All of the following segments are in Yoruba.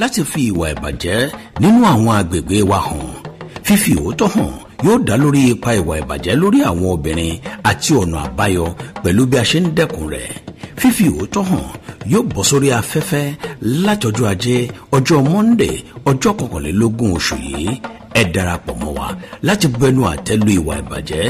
láti fi ìwà ìbàjẹ́ nínú àwọn agbègbè wa hàn fífi òótọ́ hàn yóò dá lórí ipa ìwà ìbàjẹ́ lórí àwọn obìnrin àti ọ̀nà àbáyọ pẹ̀lú bí a ṣe ń dẹ́kun rẹ̀ fífi òótọ́ hàn yóò bọ́ sórí afẹ́fẹ́ látọjọ́ ajé ọjọ́ monde ọjọ́ kọkànlélógún oṣù yìí ẹ darapọ̀ mọ́ wa láti bẹnu àtẹ́lu ìwà ìbàjẹ́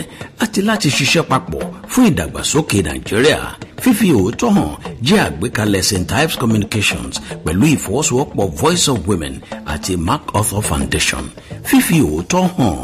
àti láti ṣiṣẹ́ papọ̀ fún ìdàgbàsókè nàìjíríà fífi òótọ́ hàn jẹ́ àgbékalẹ̀ st ives communications pẹ̀lú ìfọwọ́sowọ́pọ̀ voice of women àti macarthur foundation fífi òótọ́ hàn.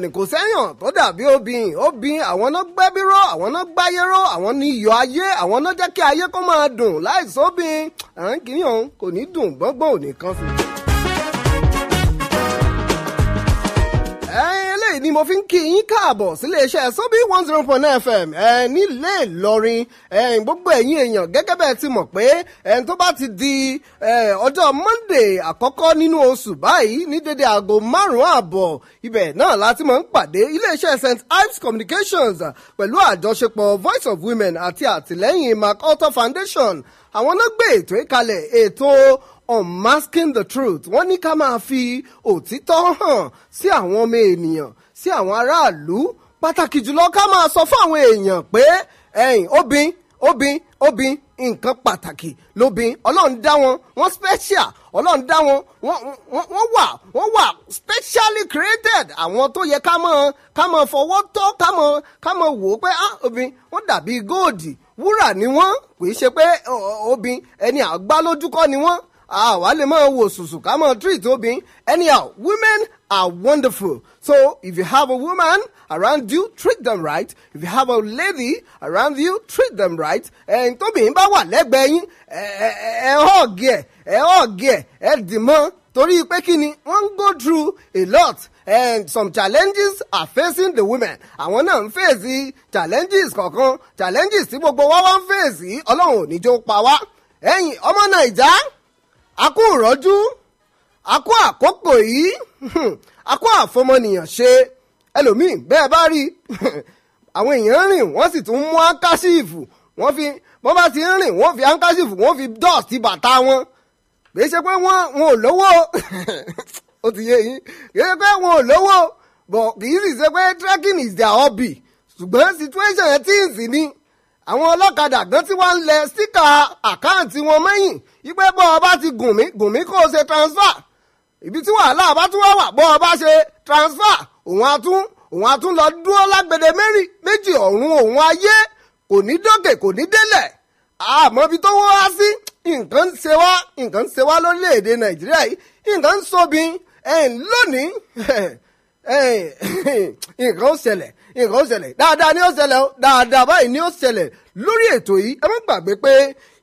ni kò sẹ́yàn tó dàbí obìnrin obìnrin àwọn náà gbẹ́bí ró àwọn náà gbáyé ró àwọn ní iyọ̀ ayé àwọn náà jẹ́ kí ayé kó máa dùn láìsóbìn àrùn kìíní ọ̀hún kò ní dùn gbọ́ngbọ́n ò ní kan fi. ni mo fi ń kí yín káàbọ̀ sílé iṣẹ́ sóbí one zero oh point nine fm ẹ nílé Ìlọrin ẹ gbogbo ẹ̀yin èèyàn gẹ́gẹ́ bẹ́ẹ̀ ti mọ̀ pé ẹ tó bá ti di ọjọ́ Monday àkọ́kọ́ nínú oṣù báyìí ní dédé aago márùn-ún àbọ̀ ibẹ̀ náà láti máa ń pàdé ilé iṣẹ́ St Ives Communications pẹ̀lú àjọṣepọ̀ Voice of Women àti àtìlẹ́yìn MacArthur Foundation àwọn náà gbé ètò ìkalẹ̀ ètò unmasking the truth wọ́n ní ká máa fi òtítọ́ hàn sí àwọn ọmọ ènìyàn sí àwọn aráàlú pàtàkì jùlọ ká máa sọ fún àwọn èèyàn pé ẹ̀yin obìn obìn obìn nǹkan pàtàkì lóbìn ọlọ́run dá wọn wọ́n special ọlọ́run dá wọn wọ́n wà wọ́n wà specially created àwọn tó yẹ ká mọ̀ ká mọ̀ fọwọ́ tọ́ ká mọ̀ ká mọ̀ wò ó pé ah obìn wọ́n dàbí góòdì wúrà ni wọ́n kò í ṣe pé obìn ẹni àgbá lójúkọ́ ni wọ́n àwa lè máa wò sùsù ká mọ̀ treat obìn anyhow women are wonderful. So if you have a woman around you, treat them right. If you have a lady around you, treat them right. And to be in bawa lẹ́gbẹ̀ẹ́ yín, ẹ ọ̀gẹ̀ ẹ̀ ẹ ọ̀gẹ̀ ẹ̀ dìmọ́ torí pé kí ni wọ́n go through a lot and some challenges are facing the women. Àwọn náà ń fèsì challenges kọ̀ọ̀kan challenges tí gbogbo wa wá ń fèsì ọlọ́run ò ní jó pa wá. Ẹ̀yin ọmọ Nàìjá, a kú ìrọ́jú. àkó àkókò yìí hmm, àkó àfọmọnìyàn ṣe ẹlòmíì bẹ́ẹ̀ bá rí hmm, àwọn èèyàn rìn wọ́n sì tún mú áńkáṣíìfù wọ́n fi wọ́n bá ti rìn wọ́n fi áńkáṣíìfù wọ́n fi dọ́ọ̀tì bàtà wọn kìí ṣe pé wọ́n wọn ò lówó ó ti yé yín kìí ṣe pé wọn ò lówó bọ̀ kìí sì ṣe pé trekking is their hobby ṣùgbọ́n situation ẹ̀ tí ń sì ni àwọn ọlọ́kadà gan tí wọ́n ń lẹ síkà àkáǹtì wọn mẹ́yìn yí pé bọ́ ọ bá ti gùn mí gùn mí kó o ṣe transfer ibi tí wàhálà bá tún wá wà bọ́ ọ bá ṣe transfer òun atún òun atún lọ dúró lágbede méjì ọ̀run òun ayé kò ní dókè kò ní délẹ̀ àmọ́ ibi tó wá sí nǹkan ń ṣe wá nǹkan ń ṣe wá lórílẹ̀‐èdè nàìjíríà yìí nǹkan ń sobin lónìí nǹkan ó ṣẹlẹ̀ nǹkan ó ṣẹlẹ̀ dáadáa ni ó ṣẹlẹ̀ dáadáa báyìí ni ó ṣẹlẹ̀ lórí ètò yìí ẹ má gbàgbé pé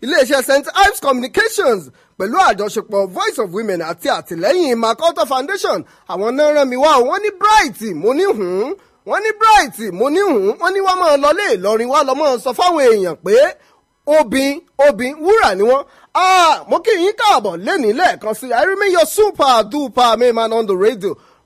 iléeṣẹ́ St Ives Communications pẹ̀lú àjọṣepọ̀ Voice of Women àti àtìlẹ́yìn makoto Foundation àwọn náà rán mi wá wọ́n ní bright mo ní hùn wọ́n ní bright mo ní hùn wọ́n ní wọ́n máa lọlé Ìlọrin wá lọ́mọ́ sọ fáwọn èèyàn pé obìn obìn wúrà ni wọ́n ah, mo kí yín káàbọ̀ lẹ́nìí lẹ́ẹ̀kan sí i I remain your super duper main man on the radio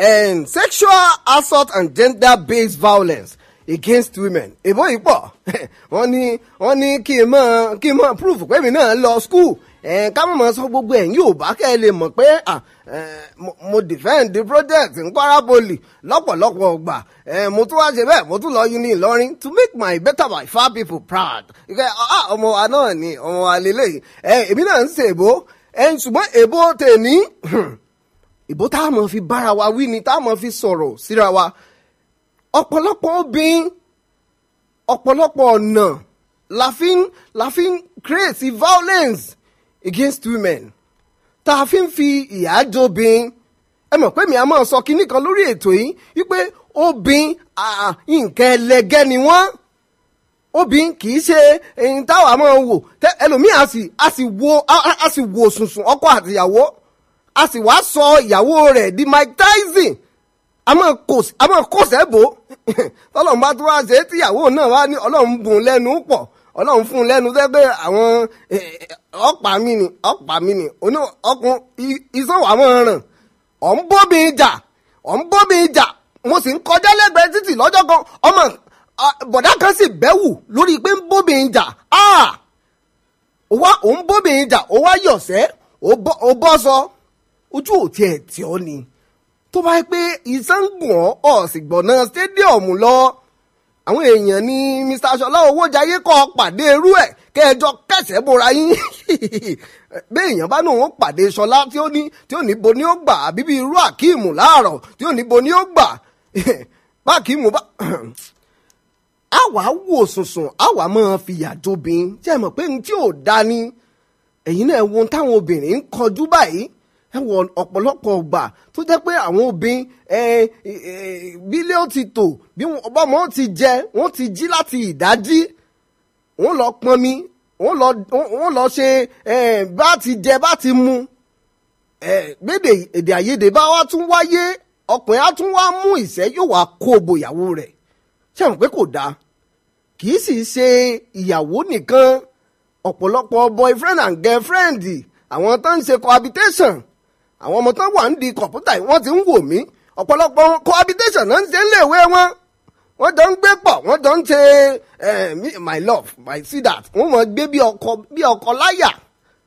um, sexual assault and gender-based violence against women èbó yìí pọ̀ wọ́n ní wọ́n ní kí n mọ̀ kí n mọ̀ proof pé mi náà lọ school ká mọ̀ mọ̀ sọ gbogbo ẹ̀yin Yorùbá kẹ́ ẹ lè mọ̀ pé mo defend the project in Kwara Poly lọ́pọ̀lọpọ̀ ọgbà mo tún wá ṣe bẹ́ẹ̀ mo tún lọ uni Ìlọrin to make my better my far people proud ah, ah, ọmọ wa náà ni ọmọ wa lélẹ́yìn èmi náà ń ṣèbó ṣùgbọ́n èbó tèmi. ìbò tá a mọ̀ fi bára wa wí ni tá a mọ̀ fi sọ̀rọ̀ síra wa ọ̀pọ̀lọpọ̀ obìnrin ọ̀pọ̀lọpọ̀ ọ̀nà la fi ń la fi ń create violence against women tá a fi ń fi ìyà jobin ẹ mọ̀ pé mi a máa sọ kinní kan lórí ètò yìí wípé obìn nǹkan ẹlẹgẹ́ ni wọ́n obìn kì í ṣe ẹyin táwa máa wò ẹlòmíì a sì wo a sì wo sùnsùn ọkọ àtìyàwó a sì wá sọ ìyàwó rẹ̀ di Mike Tyson àmọ́ kò sẹ́bò tọ́lọ́run bá tó wá ṣe é tíyàwó náà wá ní ọlọ́run bùn lẹ́nu pọ̀ ọlọ́run fún un lẹ́nu tẹ́gbẹ́ àwọn ọ̀pá mi ni ọ̀pá mi ni ọkùn iṣan wà mọ́ ràn ọ̀ ń bómi ìjà ọ̀ ń bómi ìjà mo sì ń kọjá lẹ́gbẹ̀ẹ́ títì lọ́jọ́ kan ọmọ bọ̀dá kan sì bẹ́wù lórí pé ń bómi ìjà ó ń bómi ìjà ó wá yọ̀sẹ́ ó bọ́ sọ. So ojú ò tiẹ̀ tí ọ́ ni tó bá yẹ pé ìsangùn ọ́ ọ̀sìngbọ̀nà stadium lọ àwọn èèyàn ní Mr. Aṣọlá Owójayé kọ́ pàdé irú ẹ̀ kẹjọ kẹsẹ̀ bora yín béèyàn bá náà wọn pàdé Ṣọlá tí ó ní tí ó ní bo ni ó gbà bíbí irú Akeem láàárọ̀ tí ó ní bo ni ó gbà bá Akeem bá àwa wò sùnsùn àwa máa fìyà jobin jẹ́ mọ̀ pé ní tí ò dání ẹ̀yin náà wo táwọn obìnrin ń kọjú báyìí ẹ wọ ọ̀pọ̀lọpọ̀ ọgbà tó jẹ́ pé àwọn obìnrin bílíọ̀n ti tò bí ọmọ ti jẹ wọ́n ti jí láti ìdájí wọ́n lọ pọnmi wọ́n lọ ṣe bá ti jẹ bá ti mu gbèdè èdè àìyedè bá wa tún wáyé ọkùnrin á tún wá mú ìṣẹ́ yóò wá kó bo ìyàwó rẹ̀ ṣé àwọn pé kò dáa kì í sì ṣe ìyàwó nìkan ọ̀pọ̀lọpọ̀ boyfriend and girlfriend àwọn tó ń ṣe cohabitation àwọn ọmọ tó wà ń di kọ̀ǹpútà yìí wọ́n ti ń wò mí ọ̀pọ̀lọpọ̀ cohabitation náà ń ṣe níléèwé wọn wọ́n jọ ń gbé pọ̀ wọ́n jọ ń ṣe eh, my love my see that wọ́n mọ̀ gbé bí ọkọ bí ọkọ láyà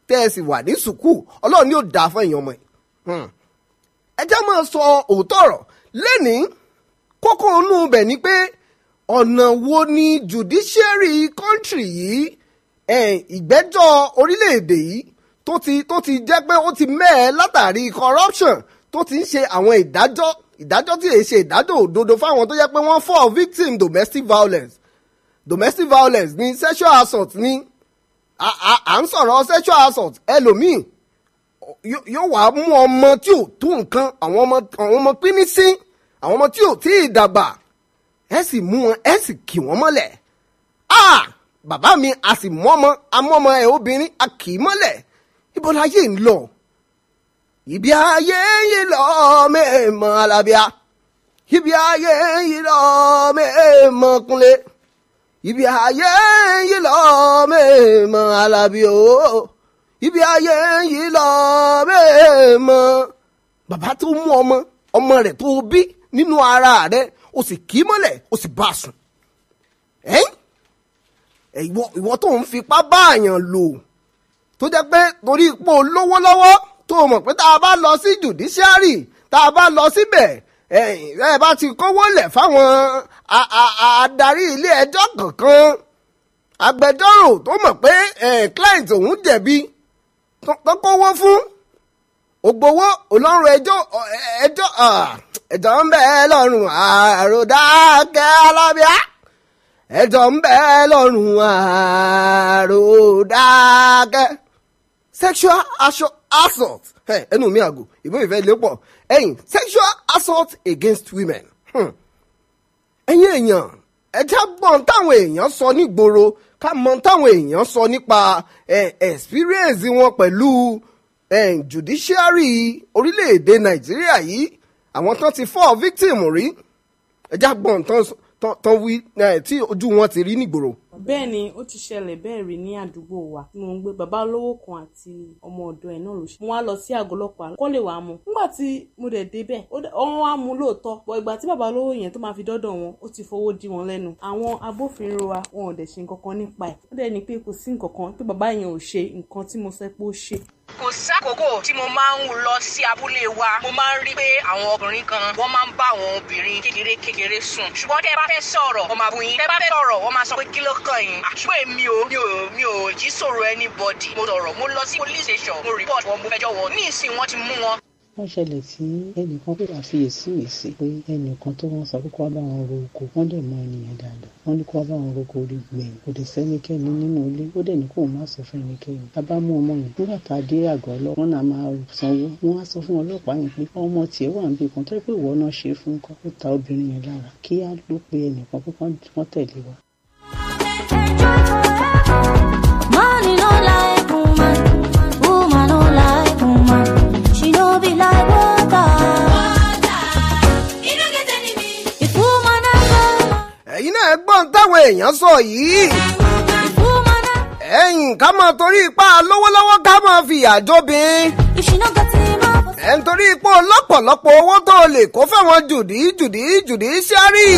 tẹ́ ẹ sì wà ní sùkúù ọlọ́run ni ó dáa fún èèyàn ọmọ ẹ̀. Hmm. ẹ jẹ́ máa sọ òótọ́ ọ̀rọ̀ lẹ́ni kókó inú ibẹ̀ ni pé ọ̀nà wo ni judiciary country yìí eh, ìgbẹ́jọ́ orílẹ̀-èdè yìí tó ti tó ti jẹ́ pé ó ti mẹ́ẹ̀ látàrí corruption tó ti ń ṣe àwọn ìdájọ́ ìdájọ́ tí èyí ṣe ìdájọ́ òdodo fáwọn tó jẹ́ pé wọ́n fọ́ victim domestic violence domestic violence ni sexual assault ni a, ń sọ̀rọ̀ sexual assault ẹlòmíì yóò wá mú ọmọ tí ò tó nǹkan àwọn ọmọ àwọn ọmọ pínísí àwọn ọmọ tí ò tí ì dàgbà ẹ sì mú wọn ẹ sì kì wọ́n mọ́lẹ̀ ah bàbá mi a sì mú ọmọ amọ́mọ ẹ̀ obìnrin a kì í mọ́lẹ̀ ibo láyé ń lọ ibi ayé yìí lọ mẹ́ẹ̀mọ́ alábíà ibi ayé yìí lọ mẹ́ẹ̀mọ́ kúnlé ibi ayé yìí lọ mẹ́ẹ̀mọ́ alábíà o ibi ayé yìí lọ mẹ́ẹ̀mọ́ bàbá tó mú ọmọ ọmọ rẹ̀ tó bí nínú ara rẹ̀ o sì kì í mọ́lẹ̀ o sì bá a sùn ìwọ tó ń fipá báàyàn lò tó jẹ́ pé torí ipò lówó lọ́wọ́ tó mọ̀ pé tá a bá lọ sí judiciary tá a bá lọ síbẹ̀ ẹ bá ti kówó lẹ̀ fáwọn adarí ilé ẹjọ́ kankan agbẹjọ́rò tó mọ̀ pé client òun jẹ̀bi tó kówó fún ògbówó ọlọ́run ẹjọ́ ẹjọ́ ẹjọ́ ń bẹ lọ́rùn àròdákẹ́ alábíà ẹjọ́ ń bẹ lọ́rùn àròdákẹ́ sexual assault ẹnu mi àgò ìbéèrè fẹ́ lépọ̀ ẹ̀yìn sexual assault against women hmm. ẹ̀yin èèyàn ẹ̀já bọ̀n táwọn èèyàn sọ nígboro ká mọ táwọn èèyàn sọ nípa experience wọn pẹ̀lú judiciary orílẹ̀-èdè nàìjíríà yìí àwọn tán ti fọ́ victim rí ẹ̀já bọ̀n tán wí tí ojú wọn ti rí nígboro bẹ́ẹ̀ ni ó ti ṣẹlẹ̀ bẹ́ẹ̀ rí ní àdúgbò wa tí mo ń gbé bàbá olówó kan àti ọmọ ọ̀dọ̀ ẹ̀ náà ló ṣe mo wá lọ sí àgọ́ ọlọ́pàá kó lè wàá mu nígbà tí mo dẹ̀ débẹ̀ wọ́n wá mu lóòótọ́ bọ̀ ìgbà tí bàbá olówó yẹn tó máa fi dọ́dọ̀ wọn ó ti fowó di wọn lẹ́nu àwọn agbófinró wa wọn ò dẹ̀ ṣe nǹkan kan nípa ẹ̀ ó dẹ̀ ní pé kò sí nǹkan kan pé bàbá yẹn ò ṣe nǹkan tí mo sọ pé ó ṣe kò sákòókò tí mo máa ń lọ sí abúlé wa mo máa ń rí pé àwọn ọkùnrin kan wọ́n máa ń bá àwọn obìnrin kékeré kékeré sùn ṣùgbọ́n tẹ́ bá fẹ́ sọ̀rọ̀ wọ́n máa bú bá fẹ́ sọ̀rọ̀ wọ́n máa sọ pé kí ló kàn àṣùgbọ́n èmi ò mi ò mi ò jí sọ̀rọ̀ anybody mo sọ̀rọ̀ mo lọ sí police station mo report wọn mo fẹjọ́ wọn ní ìsìn wọn ti mú wọn wọ́n ṣẹlẹ̀ tí ẹnìkan pè àfiyèsí mi sí pé ẹnìkan tó wọ́n sọ pé kó wá bá wọn ro oko wọ́n dẹ̀ mọ ènìyàn dáadáa wọ́n ní kó wá bá wọn ro oko orí gbẹ̀yìn kò dẹ̀ sẹ́nikẹ́ni nínú ilé ó dẹ̀ ní kó má sọ fún ẹnikẹ́ni tá a bá mú ọmọ yẹn nígbà tá a dé àgọ́ ọlọ́wọ́n náà máa sanwó wọ́n á sọ fún ọlọ́pàá yẹn pé ọmọ tiẹ̀ wà níbi kan tó pé ìwọ náà ṣe fún kọ́ ó ta obìnrin yẹn lára kí á ló pe ẹnìkan pé wọ́n tẹ̀lé wa. gbọ́n táwọn èèyàn sọ yìí. ẹ̀yìn ká máa torí ipá lọ́wọ́lọ́wọ́ ká máa fìyà jóbin. ẹ̀ ń torí ipò lọ́pọ̀lọpọ̀ owó tó o lè kó fáwọn jùdí jùdí jùdí ṣẹ́rì.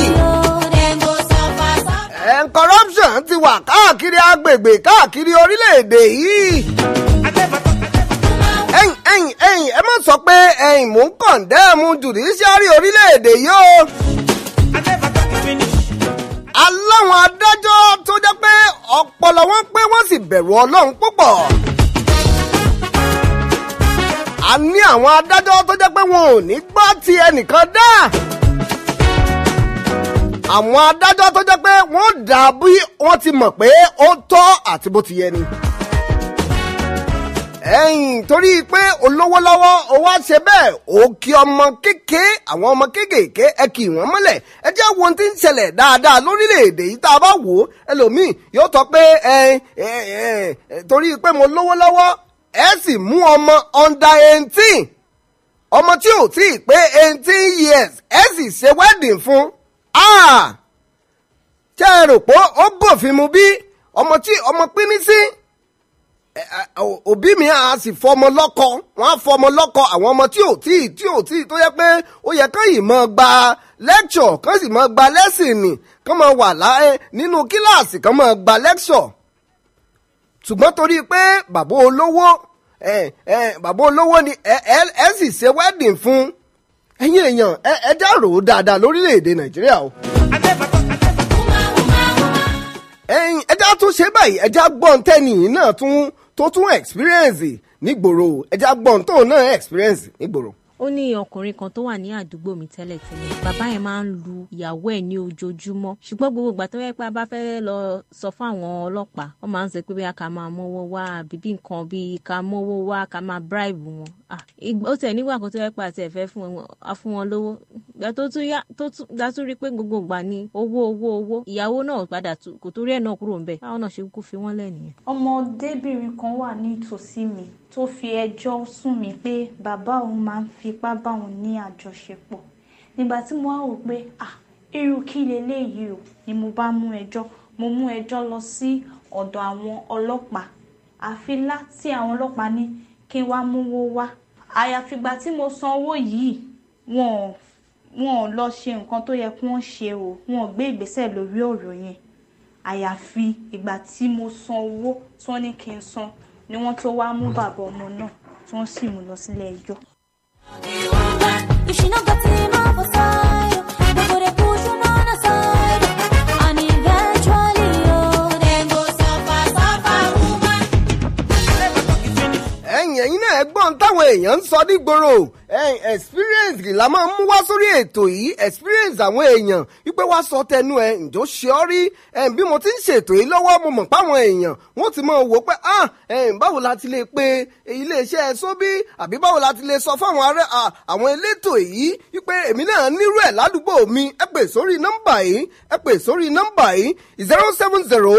ẹ̀ ń corruption ti wà káàkiri agbègbè káàkiri orílẹ̀-èdè yìí. ẹ̀yìn ẹ̀yìn ẹ̀yìn ẹ má sọ pé ẹ̀yìn mò ń kàn dẹ́mu jùdí ṣẹ́rì orílẹ̀-èdè yìí o aláwọn adájọ́ tó jẹ́ pé ọpọlọ wọn pé wọ́n sì bẹ̀rù ọlọ́run púpọ̀. a ní àwọn adájọ́ tó jẹ́ pé wọn ò ní gbọ́ ti ẹnìkan dá. àwọn adájọ́ tó jẹ́ pé wọ́n dà bí wọ́n ti mọ̀ pé ó tọ́ àti bó ti yẹ ni ẹ̀yìn torí pé olówó lọ́wọ́ ó wá ṣe bẹ́ẹ̀ ó kí ọmọ kékeré àwọn ọmọ kéékèèké ẹ kì wọ́n mọ́lẹ̀ ẹ jẹ́ wo ti ń ṣẹlẹ̀ dáadáa lórílẹ̀‐èdè yìí tá a bá wò ó ẹlòmíì yóò tọ́ pé torí pé mo lówó lọ́wọ́ ẹ sì mú ọmọ under eighteen ọmọ tí ò tí ì pé eighteen years ẹ sì ṣe wedding fún ah! ṣé ẹ rò pé ó bòfin mu bí ọmọ tí ọmọ pínín sí òbí mi á sì fọmọ lọ́kọ wọ́n á fọmọ lọ́kọ àwọn ọmọ tí ò tí ì tí ò tí tó yẹ pé ó yẹ kán yìí máa gba lecture kán sì máa gba lesson ni kán máa wà láyé nínú kíláàsì kán máa gba lecture ṣùgbọ́n torí pé bàbá olówó bàbá olówó ni ẹ sì ṣe wedding fún ẹ̀yin èèyàn ẹ dá rò ó dáadáa lórílẹ̀‐èdè nàìjíríà o. ẹ̀yin ẹja tún ṣe báyìí ẹja gbọ́n tẹ́nìyìn náà tún tó tún experience nígboro ẹja gbọ́n tóun náà experience nígboro. ó ní ọkùnrin kan tó wà ní àdúgbò mi tẹ́lẹ̀tẹ́lẹ̀ bàbá ẹ̀ máa ń lu ìyàwó ẹ̀ ní ojoojúmọ́ ṣùgbọ́n gbogbo ìgbà tó yẹ pé a bá fẹ́ lọ sọ fún àwọn ọlọ́pàá wọ́n máa ń sọ pé bí máa mówó wá bíbí nǹkan bíi ká mówó wá ká máa bribe wọn. ó tẹ̀ nígbà kan tó yẹ pé àti ẹ̀fẹ́ fún wọn lówó ìgbà tó tún yá tó tún dátún rí pé gbogbo ìgbà ni owó owó owó ìyàwó náà padà kò torí ẹ̀ náà kúrò ńbẹ̀ báwọn náà ṣe kú fi wọ́n lẹ̀ ọmọdébìnrin kan wà ní mi tó fi ẹjọ́ sùn mí pé bàbá òun máa ń fipá bá òun ní àjọṣepọ̀ nígbà tí mo wá wò pé ah irú kí leléyìí o ni mo bá mú ẹjọ́ mo mú ẹjọ́ lọ sí ọ̀dọ̀ àwọn ọlọ́pàá àfi láti àwọn ọlọ́pàá ní kí n wá mówó wá àyàfìgbà tí mo san owó yìí wọn ò wọn ò lọ ṣe nǹkan tó yẹ kí wọ́n ṣe o wọn ò gbé ìgbésẹ̀ lórí ọ̀rọ̀ yẹn àyàfi ìgbà tí mo san owó tí wọ́n ní kí n san ni wọ́n tó wá mú bàbá ọmọ náà tí wọ́n sì mú lọ sílé ẹjọ́. If she no got him, I ohun táwọn èèyàn ń sọ nígboro experience la máa ń mú wá sórí ètò yìí experience àwọn èèyàn wípé wá sọ tẹnu ẹ ǹjọ́ ṣe ọ́ rí bí mo ti ń ṣètò yìí lọ́wọ́ mo mọ̀ páwọn èèyàn wọ́n ti máa wò pé ah báwo la ti lè pe iléeṣẹ́ sóbí àbí báwo la ti lè sọ fáwọn ará àwọn elétò yìí wípé èmi náà nírú ẹ̀ ládùúgbò mi ẹ pè sórí nọ́mbà yìí ẹ pè sórí nọ́mbà yìí zero seven zero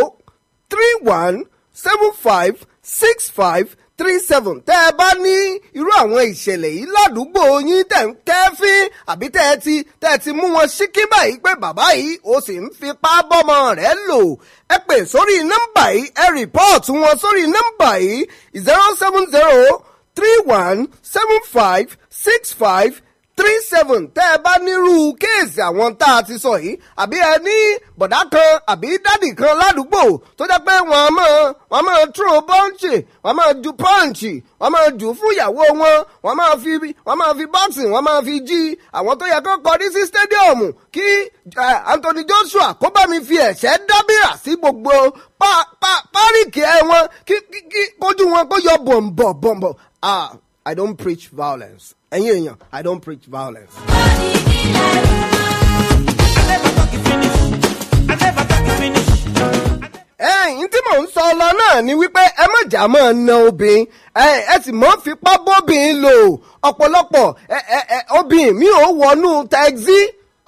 three one seven five six five three seven tẹ́ ẹ bá ní irú àwọn ìṣẹ̀lẹ̀ yìí ládùúgbò yín tẹ̀ ń kẹ́fín àbí tẹ́ ẹ ti tẹ́ ẹ ti mú wọn ṣíkí báyìí pé bàbá yìí ó sì ń fipá bọ́mọ rẹ̀ lò ẹ pè sórí nọ́mbà yìí ẹ rìpọ́ọ̀tù wọn sórí nọ́mbà yìí zero seven zero three one seven five six five three seven tẹ́ ẹ bá nírú kéèsì àwọn tá a ti sọ yìí àbí ẹ ní bọ̀dá kan àbí dádì kan ládùúgbò tó jẹ́ pé wọ́n máa wọ́n máa tró bọ́ǹchì wọ́n máa ju pọ́ǹchì wọ́n máa jù fún ìyàwó wọn wọ́n máa fi wọ́n máa fi bọ́ọ̀sì wọ́n máa fi jí àwọn tó yẹ kó kọrí sí stadiumu kí Anthony Joshua kó bá mi fi ẹ̀ṣẹ́ dábìrà sí gbogbo páríkì ẹ̀ wọn kí kí kójú wọn kó yọ bọ̀m̀bọ̀ bọ̀m̀bọ̀ ah. I don't preach violence. Ẹ̀yin èèyàn, I don't preach violence. ẹ̀yìn tí mò ń sọ lọ náà ni wípé ẹ má jà máa na obìnrin ẹ sì mọ́ fipá bóbìnrin lò ọ̀pọ̀lọpọ̀ obìnrin mi ò wọnú tẹ́gí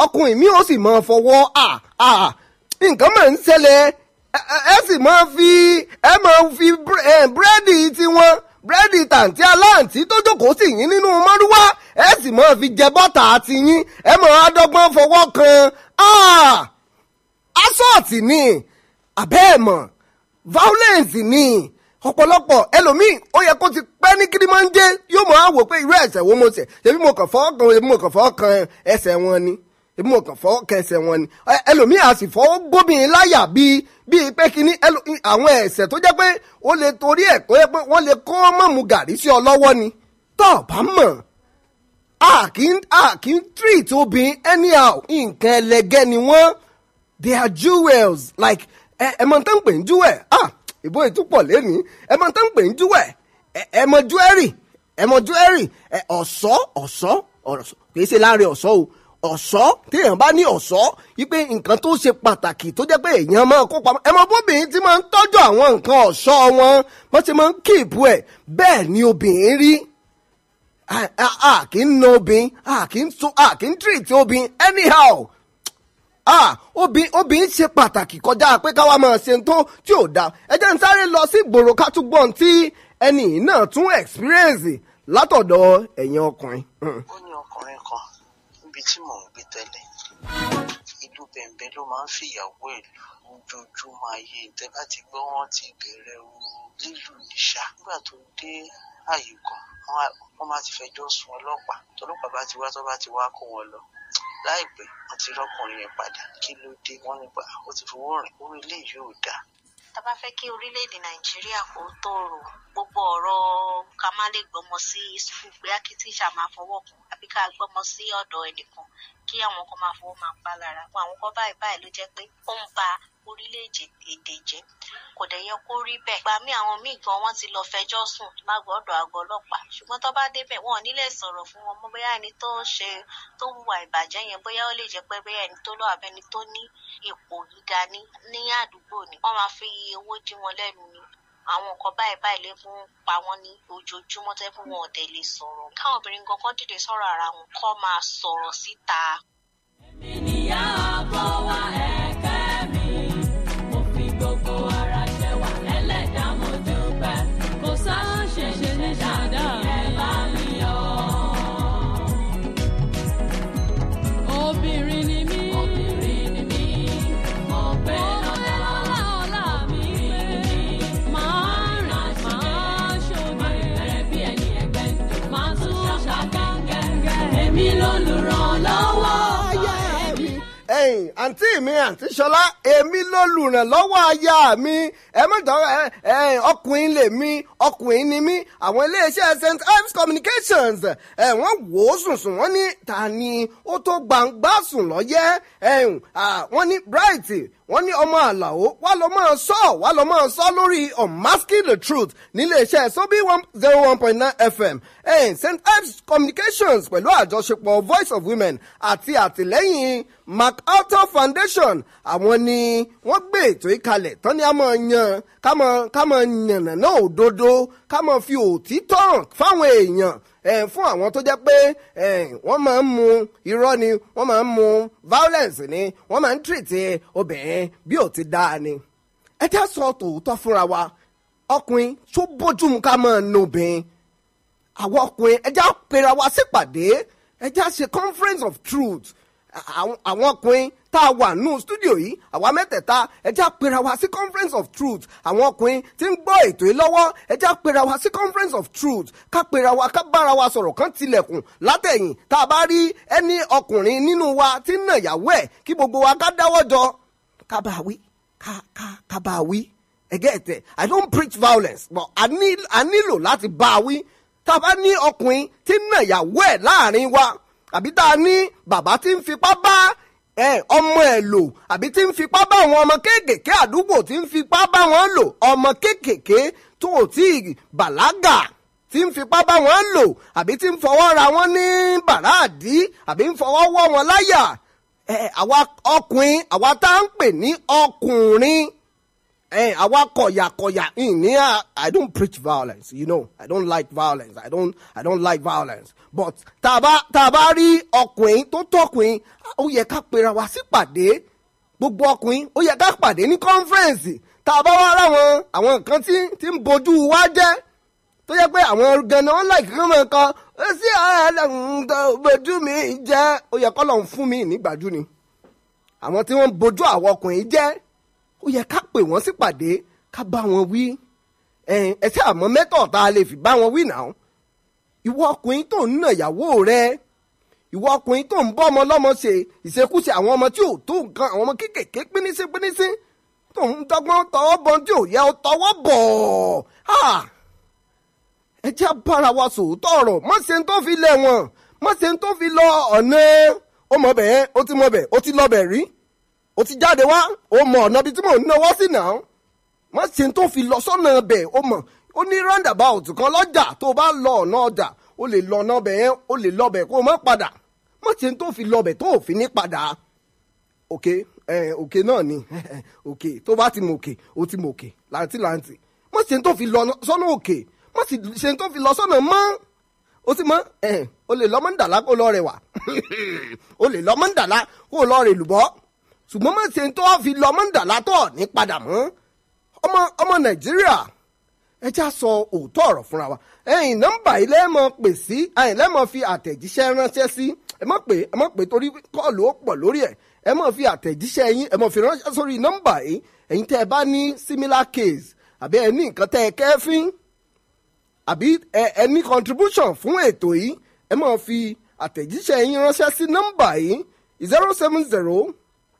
ọkùnrin mi ò sì máa fọwọ́ à à nǹkan máa ń ṣẹlẹ̀ ẹ sì máa fi ẹ máa fi búrẹ́dì tiwọn. búrẹ́dì nti aláǹtí tó jókòó sí yín nínú mọ́rúwá ẹ sì fi jẹ bọ́tà àti yín ẹ máa adọ́gbọ́n fọwọ́ kan ah! ni àbẹ́ẹ̀mọ̀ violence ni ọ̀pọ̀lọpọ̀ ẹlòmíì ó yẹ kó ti pẹ́ ní wo mo ṣẹ̀ ṣebí mo kàn fọ́ kan kan ẹsẹ̀ wọn ni. èmi ò kàn fọwọ́ kẹsẹ̀ wọn ni ẹlòmíì a sì fọwọ́ gómìn láyà bíi bíi pé kíní àwọn ẹ̀sẹ̀ tó jẹ́ pé ó lè torí ẹ̀ kó yẹ pé wọ́n lè kọ́ mọ̀mú gàrí sí ọ lọ́wọ́ ni tọ́ ọ bá mọ̀ a kì í a kì í treat obìnrin anyhow nǹkan ẹlẹgẹ́ ni wọ́n they are jewels like ẹ ẹ mọ tán pè ń júwẹ̀ ah ìbò ìtúpọ̀ lẹ́nìí ẹ mọ tán pè ń júwẹ̀ ẹ mọ jewelry ẹ mọ jewelry ọ̀ṣọ́ ọ̀ṣọ́ kì í ṣe láàrin ọ̀ṣọ́ o ọ̀ṣọ́ téèyàn bá ní ọ̀ṣọ́ wípé nǹkan tó ṣe pàtàkì tó jẹ́ pé èèyàn máa kó pamọ́ ẹ mọ bóbìnrin tí máa ń tọ́jú àwọn nǹkan ọ̀ṣọ́ wọn wọ́n ti máa ń kíìpù ẹ̀ bẹ́ẹ̀ ni obìnrin rí a kì í na obìnrin a kì í so a kì í treat obìnrin anyhow obìnrin ṣe pàtàkì kọjá pé káwa máa ṣe tó tí ò dáa ẹ jẹ́ n sáré lọ sí ìgboro ká tún gbọ́n tí ẹni náà tún experience látọ̀dọ̀ ẹ̀yin ọkùnrin. ó ní ọkùnrin kan tí mò ń gbé tẹ́lẹ̀ ìlú bẹ̀m̀bẹ̀ ló máa ń fìyàwó ẹ̀ lójoojúmọ́ ayé tẹ́ bá ti gbọ́ wọ́n ti bẹ̀rẹ̀ o lílù nìṣá nígbà tó dé ààyè kan wọ́n máa ti fẹjọ́ sun ọlọ́pàá tọlọ́pàá bá ti wá tó bá ti wá kó wọn lọ láìpẹ́ wọ́n ti rọ́kùnrin yẹn padà kí ló dé wọ́n nígbà ó ti fowó rìn orí ilé yìí ò dáa tá a bá fẹ́ kí orílẹ̀-èdè nàìjíríà kó tòrò gbogbo ọ̀rọ̀ ká má lè gbọ́mọ sí sùkúù pé kí tíṣà máa fọwọ́ kù àbí ká gbọ́mọ sí ọ̀dọ̀ ẹnìkan kí àwọn kan máa fọwọ́ máa pa lára àwọn kan báyìí báyìí ló jẹ́ pé ó ń ba orílẹ̀-èdè jẹ́ kò dẹ̀ yẹ kó rí bẹ́ẹ̀ ìgbà míì àwọn míì gan wọ́n ti lọ fẹjọ́ sùn lágbọ́dọ̀ àgọ́ ọlọ́pàá ṣùgbọ́n tó bá débẹ̀ wọn ò ní lè sọ̀rọ̀ fún wọn mọ́ bóyá ẹni tó ṣe tó hùwà ìbàjẹ́ yẹn bóyá ó lè jẹ́ pé bóyá ẹni tó lọ àbẹ́ni tó ní ipò gíga ní ní àdúgbò ni wọ́n máa fi owó dí wọn lẹ́nu ni àwọn nǹkan báyìí báyìí lè fún pa wọn ní ojoojúmọ́ tẹ́ fún wọn ọ̀dẹ̀ lè sọ̀rọ̀ káwọn obìnrin kankan dìde sọ̀rọ̀ ara wọn kọ́ máa sọ̀rọ̀ síta. èmi nìyá ọkọ wa ẹ àǹtí mi àǹtí ṣọlá èmi lolùrànlọ́wọ́ aya mi ẹ mọ̀tọ́ ọkùnrin lè mi ọkùnrin ni mí àwọn iléeṣẹ́ st ives communications wọ́n wò ó sùnsùn wọ́n ní ta ni ó tó gbangba sùn lọ́yẹ́ wọ́n ní bright wọ́n ní ọmọ àlàó wà lọ́ máa sọ wà lọ́ máa sọ lórí unmasking the truth níléeṣẹ́ sobi one zero one point nine fm and st ives communications pẹ̀lú àjọṣepọ̀ voice of women àti àtìlẹ́yìn macarthur foundation àwọn ni wọ́n gbé ètò ìkalẹ̀ tán ni a máa yan ká mọ ká mọ yànnà náà òdodo ká mọ fi òtítọ́ hàn fáwọn èèyàn ẹ̀ fún àwọn tó jẹ́ pé ẹ̀ wọ́n máa ń mu irọ́ ni wọ́n máa ń mu violence ni wọ́n máa ń tìrìtì obìnrin bí ò ti dáa ni. ẹ jẹ́ sọ tòótọ́ fúnra wa ọkùnrin tó bójúmu ká máa nu obìnrin àwọn ọkùnrin ẹ jẹ́ pera wa sípàdé ẹ jẹ́ ṣe conference of truth àwọn ọkùnrin tá a wà nù stúdíò yìí àwa mẹ́tẹ̀ẹ̀ta ẹ jẹ́ àpèrà wa sí conference of truth àwọn ọkùnrin tí ń gbọ́ ètò yìí lọ́wọ́ ẹ jẹ́ àpèrà wa sí conference of truth ká pèrà wa ká bára wa sọ̀rọ̀ kán tilẹ̀kùn látẹ̀yìn tá a bá rí ẹni ọkùnrin nínú wa tí ń nà ìyàwó ẹ̀ kí gbogbo wa ká dáwọ́ jọ ká bá wí ká ká ká bá wí ẹ ẹ̀tẹ̀ I don't preach violence but a nílò láti bá wí tá a bá ní ọkùnrin tí ń nà ìyàwó ẹ̀ láàrin wa àbí tá a ní bàbá tí ń fipá bá ọmọ ẹ̀ lò àbí tí ń fipá bá àwọn ọmọ kéékèèké àdúgbò tí ń fipá bá wọn lò ọmọ kéékèèké tó ò tí ì bàlágà tí ń fipá bá wọn lò àbí tí ń fọwọ́ ra wọn ní bàràdí àbí ń fọwọ́ wọ́ wọn láyà àwa ọkùnrin àwa tá à ń pè ní ọkùnrin Hey, I walk koya koya I don't preach violence, you know. I don't like violence. I don't I don't like violence. But taba tabari ọkùnrin tó tọkùnrin ó yẹ ká pera wa sípàdé gbogbo ọkùnrin ó yẹ ká pàdé ní conference tàbá wá ráwọn àwọn nǹkan tí tí ń bojú wa jẹ́ tó yẹ pé àwọn ganan wọn láì kíkọ́ mọ̀ kan ó sì ah, bojú mi jẹ́ ó yẹ kọ́ lọ́n fún mi nígbàjú ni àwọn tí wọ́n bojú ó yẹ ká pè wọ́n sípàdé ká bá wọn wí ẹsẹ àmọ́ mẹ́tọ̀ tá a lè fi bá wọn wí náà ìwọ ọkùnrin tó ń nà ìyàwó rẹ ìwọ ọkùnrin tó ń bọ́ ọmọ lọ́mọ ṣe ìṣekúṣe àwọn ọmọ tí ò tó nǹkan àwọn ọmọ kéékèèké pínísí pínísí tó ń dọ́gbọ́n tọwọ́ bọ tí ò yẹ ọ tọwọ́ bọ̀ ẹ jẹ́ bára wa sòótọ́ ọ̀rọ̀ má ṣe tó fi lẹ̀ wọ̀n má ṣe tó fi lọ ọ̀nà ó mọ̀ bẹ́ẹ̀ ó ti mọ̀ bẹ́ẹ̀ ó ti lọ bẹ́ẹ̀ rí o ti jáde wá o mọ̀ ọ̀nà ibi tí mò ń náwó sí náà má ṣe tó fi lọ sọ́nà ọbẹ̀ o mọ̀ ó ní roundabout kan lọ́jà tó o bá lọ ọ̀nà ọjà o lè lọ ọ̀nà ọbẹ̀ yẹn o lè lọ́bẹ̀ kó o má padà má ṣe tó fi lọ́bẹ̀ tó o fi ní padà òkè òkè náà ni òkè tó bá ti mọ òkè o ti mọ òkè làǹtì làǹtì má ṣe tó fi lọ sọ́nà òkè má ṣe tó fi lọ sọ́nà mọ́ o ti mọ o lè lọ mọ́ndàlá kó lọ rẹwà o lè lọ mọ́ndàlá kó lọ rẹ lùbọ́ ṣùgbọ́n má ṣe tó fi lọ mọ́ńdàlá tọ̀ ní padà mọ́ ọmọ ọmọ nàìjíríà ẹ já sọ òótọ́ ọ̀rọ̀ fúnra wa ẹ̀yìn nọ́mbà yìí lẹ́ẹ̀mọ pè sí ẹ̀yìn lẹ́ẹ̀mọ fi àtẹ̀jíṣẹ́ ránṣẹ́ sí ẹ mọ̀ pé ẹ mọ̀ pé torí kọ́ọ̀lù ó pọ̀ lórí ẹ̀ ẹ mọ̀ fi àtẹ̀jíṣẹ́ yín ẹ mọ̀ fi ránṣẹ́ sórí nọ́mbà yìí ẹ̀yin tẹ́ ẹ bá ní similar case àbí ẹ ní nǹkan tẹ́ ẹ kẹ́fín àbí ẹ ní contribution fún ètò yìí ẹ mọ̀ fi àtẹ̀jíṣẹ́ yín ránṣẹ́ sí nọ́mbà yìí zero seven zero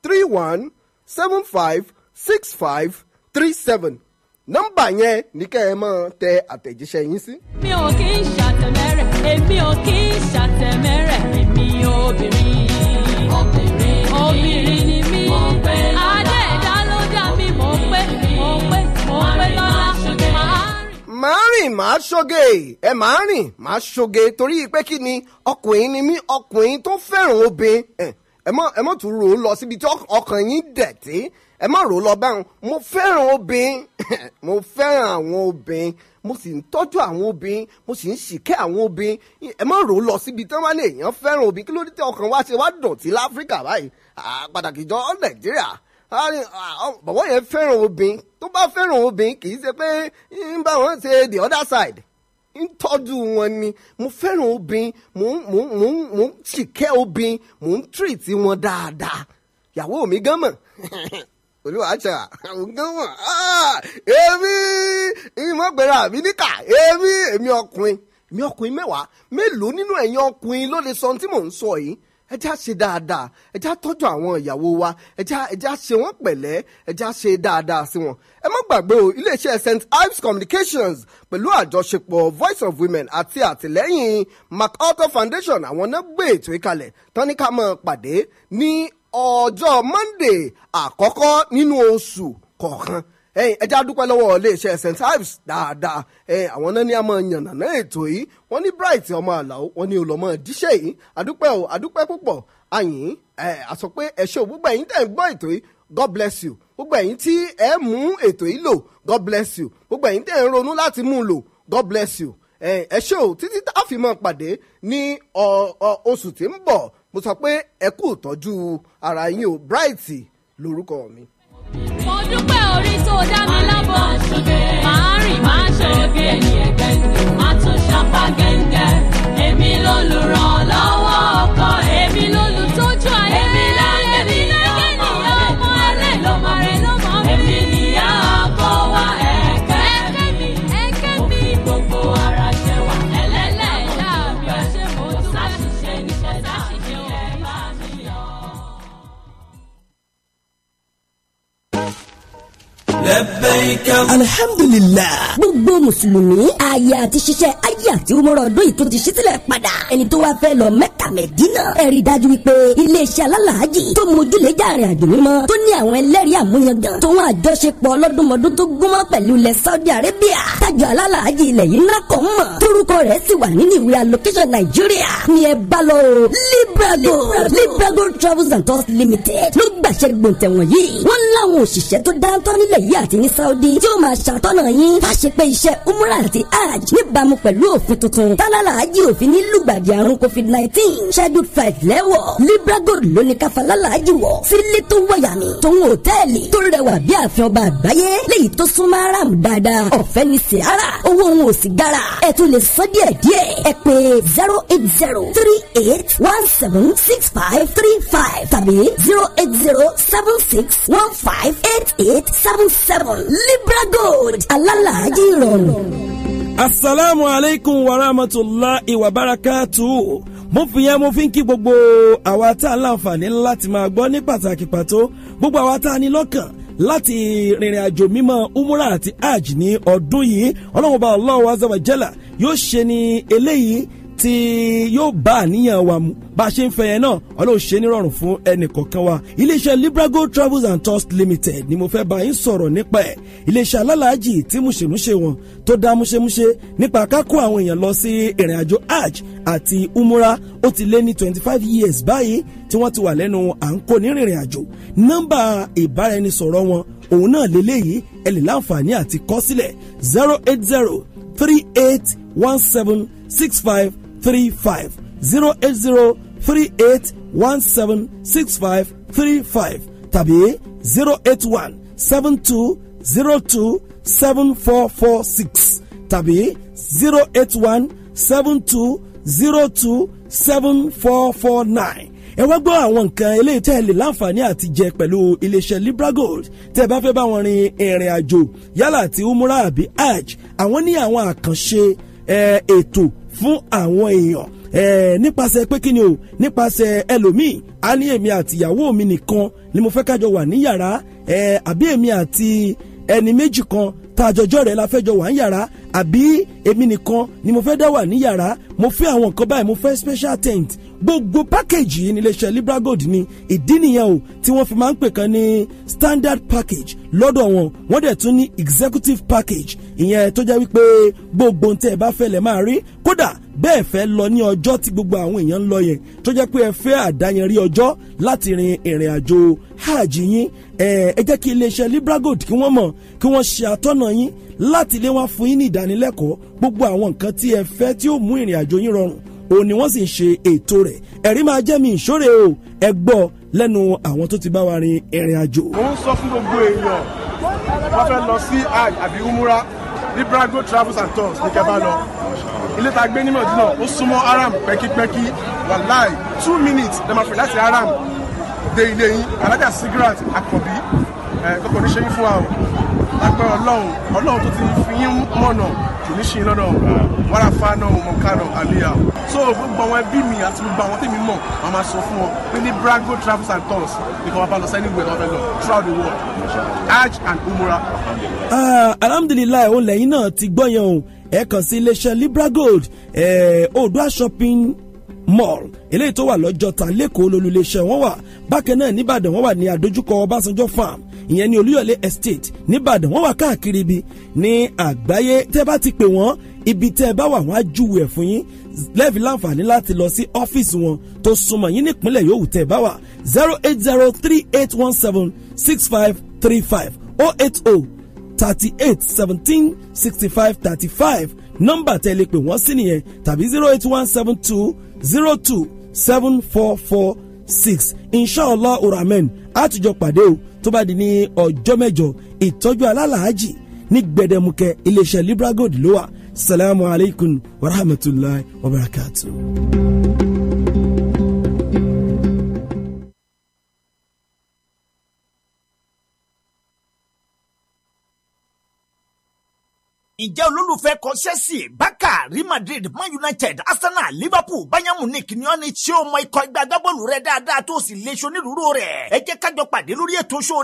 three one seven five six five three seven nọ́mbà yẹn ní kẹ́ ẹ máa tẹ àtẹ̀jíṣẹ́ yín sí. mi ò kí ń ṣàtẹ̀mẹ́rẹ̀ èmi ò kí ń ṣàtẹ̀mẹ́rẹ̀ èmi obìnrin obìnrin ni mí adé ẹ̀dá ló dá mi mọ̀ pé mọ̀ pé mọ̀ pé lọ́la máa màá rìn màá ṣoge ẹ màá rìn màá ṣoge torí pé kí ni ọkùnrin ni mí ọkùnrin tó fẹ́ràn obìnrin ẹ mọ ẹ mọ tún rò ó lọ síbi tí ọkàn yín dẹ̀tí ẹ mọ rò ó lọ báwọn mo fẹ́ràn obìnrin mo fẹ́ràn àwọn obìnrin mo sì ń tọ́jú àwọn obìnrin mo sì ń ṣìkẹ́ àwọn obìnrin ẹ mọ rò ó lọ síbi tí wọ́n lè yàn fẹ́ràn obìnrin kí ló dé tí ọkàn wa ṣe wá dọ̀tí láfíríkà báyìí pàtàkì jọ nàìjíríà bàbá yẹn fẹ́ràn obìnrin tó bá fẹ́ràn obìnrin kì í ṣe pé ń bá wọn ṣe the other side ń tọ́jú wọn ni mo fẹ́ràn obìnrin mo ń mo ń mo ń tìkẹ́ obìnrin mo ń tírìtì wọn dáadáa ìyàwó mi gan mọ̀ olùwàjà ògán mọ̀ ah, èmi ìmọ̀gbẹ̀rẹ̀ àmì níkà èmi èmi ọkùnrin èmi ọkùnrin mẹ́wàá mélòó nínú ẹ̀yin ọkùnrin ló lè sọ ohun tí mò ń sọ yìí ẹ já ṣe dáadáa ẹ já tọ́jú àwọn ìyàwó wa ẹ já ẹ já ṣe wọ́n pẹ̀lẹ́ ẹ já ṣe dáadáa sí wọn. ẹ má gbàgbé o iléeṣẹ́ st ives communications pẹ̀lú àjọṣepọ̀ voice of women àti àtìlẹ́yìn macarthur foundation àwọn náà gbé ètò ìkàlẹ̀ tán ní ká máa pàdé ní ọjọ́ monday àkọ́kọ́ nínú oṣù kọ̀ọ̀kan ẹjẹ́ adúpẹ́ lọ́wọ́ iléeṣẹ́ St Ives dáadáa àwọn náà ní àmọ́ yànnàná ètò yìí wọ́n ní Bright ọmọ àlàó wọ́n ní olùmọ̀ díṣẹ́ yìí adúpẹ́ o adúpẹ́ púpọ̀ àyìn àsọ pé ẹ ṣé o gbogbo ẹ̀yin tẹ̀ ń gbọ́ ètò yìí God bless you gbogbo ẹ̀yin tí ẹ mú ètò yìí lò God bless you gbogbo ẹ̀yin tẹ̀ ń ronú láti mú un lò God bless you ẹ ṣé o títí tá a fi máa pàdé ní oṣù tí ń bọ̀ mo sọ pé ẹ kú ìtọ́jú ara yín o Bright lórúkọ mi dúpẹ́ orí tó dá mi lábọ̀. Màá rìn máa ṣògbé ẹ̀yìn ẹ̀gbẹ́, má tún ṣapá alhamdulilah. gbogbo mùsùlùmí ààyè àti aya ayé àti umrọ̀ ọdún yìí tó ti ṣí sílẹ̀ padà ẹni tó wá fẹ́ lọ mẹ́kà mẹ́dínà ẹ rí dájú wípé iléeṣẹ́ alálàájì tó mójúlé jàre àjò mímọ́ tó ní àwọn ẹlẹ́rìí àmúyangàn tó wọn àjọṣepọ̀ ọlọ́dúnmọ́dún tó gúnmọ́ pẹ̀lú ilẹ̀ Saudi Arabia tájọ alálàájì ilẹ̀ yìí ńlá kọ́ mọ̀ torúkọ rẹ̀ sì wà nínú ìwé allocation Nàìjíríà ni ẹ bá lọ Librago Librago Travels and Tours Limited ló gbàṣẹ gbòǹtẹ̀ wọ̀nyí wọ́n láwọn òṣìṣẹ́ tó dáńtọ́ nílẹ̀ yìí àti ní Saudi tí ó máa ṣàtọ́nà yín fàṣepẹ́ iṣẹ́ umra àti hajj níbàámu pẹ̀lú òfin tuntun tálálà ájì òfin ní lùgbàdì àrùn covid nineteen schedule five lẹ́wọ̀ libra gold ló ní káfalálà ájì wọ̀ sílé tó wọ̀yàmì tòun hòtẹ́ẹ̀lì tó rẹwà bí àfin ọba àgbáyé léyìí tó súnmọ́ aram dáadáa ọ̀fẹ́ ni sihara owó òun ò sì gara ẹ̀ tún lè san díẹ̀ díẹ̀ ẹ pè zero eight zero three eight one seven six five three five tàbí zero eight zero seven six one five eight eight seven seven Libra Gold alálàájì ìrọ̀rùn asalaamu aleykum wa rahmatulahi wa barakatu mo fi yẹn mo fi ń kí gbogbo àwa tá a láǹfààní láti máa gbọ́ ní pàtàkì pàtó gbogbo àwa tá a ní lọ́kàn láti rìnrìn àjò mímọ́ umura àti hajj ní ọdún yìí ọlọ́run bá Allah azza wa jalla yóò ṣe ní eléyìí tí yóò bá àníyàn wa mu bá a ṣe ń fẹ́ yẹn náà ọlọ́run ṣe nírọ̀rùn fún ẹnì wa iléeṣẹ́ librago travels and tours limited ni mo fẹ́ bá yín sọ̀rọ̀ nípa ẹ̀ iléeṣẹ́ alálàájì tí mùṣemúṣe wọn tó dá mùṣemúṣe nípa kákó àwọn èèyàn lọ sí ìrìn àjò hajj àti umura ó ti lé ní twenty five years báyìí tí wọ́n ti wà lẹ́nu à ń kó ní rìnrìn àjò nọ́mbà ìbáraẹnisọ̀rọ̀ wọn òun náà lélẹ́yìí ẹ lè láǹfààní àti kọ sílẹ̀ zero eight zero three eight one seven six five Three three five zero zero eight eight 35 080 38 17 65 35 tàbí 081 four 02 7446 tàbí 081 72 02 7449 ẹ wá gbọ́ àwọn nǹkan eléyìí tẹ́ ẹ lè láǹfààní àti jẹ pẹ̀lú iléeṣẹ́ Libra Gold tẹ́ ẹ bá fẹ́ bá wọn rin ìrìn àjò yálà àti umrah àbí hajj àwọn ní àwọn àkànṣe ètò fún àwọn èèyàn ẹ̀ẹ́ nípasẹ̀ pé kí ni o nípasẹ̀ ẹlòmíì á ní èmi àtìyàwó mi nìkan ni mo fẹ́ kájọ wà ní yàrá ẹ̀ẹ́ àbí èmi àti ẹni méjì kan tá a jọjọ́ rẹ̀ la fẹ́ jọ wà ń yàrá àbí èmi nìkan ni mo fẹ́ dá wà ní yàrá mo fẹ́ àwọn nǹkan báyìí mo fẹ́ special tent gbogbo package yìí níléeṣẹ́ Libra Gold ni ìdí nìyẹn o tí wọ́n fi máa ń pè kan ní standard package lọ́dọ̀ wọn wọ́n dẹ̀ tún ní executive package ìyẹn tó jẹ́ wípé gbogbo ohun tẹ́ ẹ bá fẹ́ lẹ̀ máa rí kódà bẹ́ẹ̀ fẹ́ lọ ní ọjọ́ tí gbogbo àwọn èèyàn ń lọ yẹn tó jẹ́ pé ẹ fẹ́ àdáyẹnrí ọjọ́ láti rin ìrìn àjò hajj yín ẹ jẹ́ kí iléeṣẹ́ Libra Gold kí wọ́n mọ̀ kí wọ́n ṣe àtọ́nà yín láti lé wọn fún yín ní ìdá ìdánilẹ́kọ̀ọ́ gbogbo àwọn nǹkan tí ẹ fẹ́ tí ó mú ìrìn àjò yín rọrùn òun ni wọ́n sì ń ṣe ètò rẹ̀ ẹ̀rí máa jẹ́ mi ìṣòro o ẹ gbọ́ lẹ́nu àwọn tó ti bá wa rin ìrìn àjò. mo ń sọ fún gbogbo èèyàn wọ́n fẹ́ lọ sí hajj àbí umura ní brago travels and tours ní kẹfà lọ ilé tá a gbé ní mọ̀dínà ó súnmọ́ haram pẹ́kípẹ́kí wàláì two minutes lè máa fi láti haram dé ilé yín alájà sigrat àkànbí ẹ̀ kọ́kọ́ ní ṣe ń fún wa o lágbára ọlọ́run ọlọ́run tó ti fi yín mọ̀nà kò ní ṣe lọ́nà wàrà fáná mọ̀kánà àlíyà so gbogbo àwọn ẹbí mi àti gbogbo àwọn tèmi mọ̀ màá máa sọ fún wọn pé ní Brago travels and tours ní kò bá lọ sẹ́ni ìwé ọ̀fẹ́ lọ throughout the world hajj and umrah. Ah, alhamdulilayi òun lẹ́yìn náà ti gbọ́ yẹn o ẹ kàn sí iléeṣẹ́ Libragold eh, oòdua shopping mall eléyìí tó wà lọ́jọ́ta lẹ́kọ̀ọ́ lólùléṣẹ́ wọn wà bákan náà nìbàdàn wọn wà ní àdójúkọ ọbásanjọ́ farm ìyẹn ní olúyọ̀lé estate nìbàdàn wọn wà káàkiri ibi ní àgbáyé tẹ́ bá ti pè wọ́n ibi tẹ́ bá wà wọ́n á júwe ẹ̀ fún yín lẹ́ẹ̀fi láǹfààní láti lọ sí ọ́fíìsì wọn tó súnmọ́ yín nípínlẹ̀ yòówù tẹ́ bá wà zero eight zero three eight one seven six five three five oh eight oh thirty eight seventeen sixty five thirty five nọ́mbà tẹ́ lè pè wọ́n sí nìyẹn tàbí zero eight one seven two zero two seven four four six inshallah uramen àtijọ́ pàdé o tó bá di ní ọjọ́ mẹ́jọ ìtọ́jú alálàájì ní gbẹdẹmukẹ iléeṣẹ́ libragold ló wà salamu alaykum wa rahmatulahi wa barakatuh. ǹjẹ́ olólùfẹ́ kọ Chelsea Barca Real Madrid Man United Arsenal Liverpool Bayern Munich ni wọ́n ní ṣé o mọ ikọ̀ ìgbà agbábọ́ọ̀lù rẹ dáadáa tó o sì lè ṣonírúurú rẹ̀ ẹ jẹ́ kájọ pàdé lórí ètò ṣó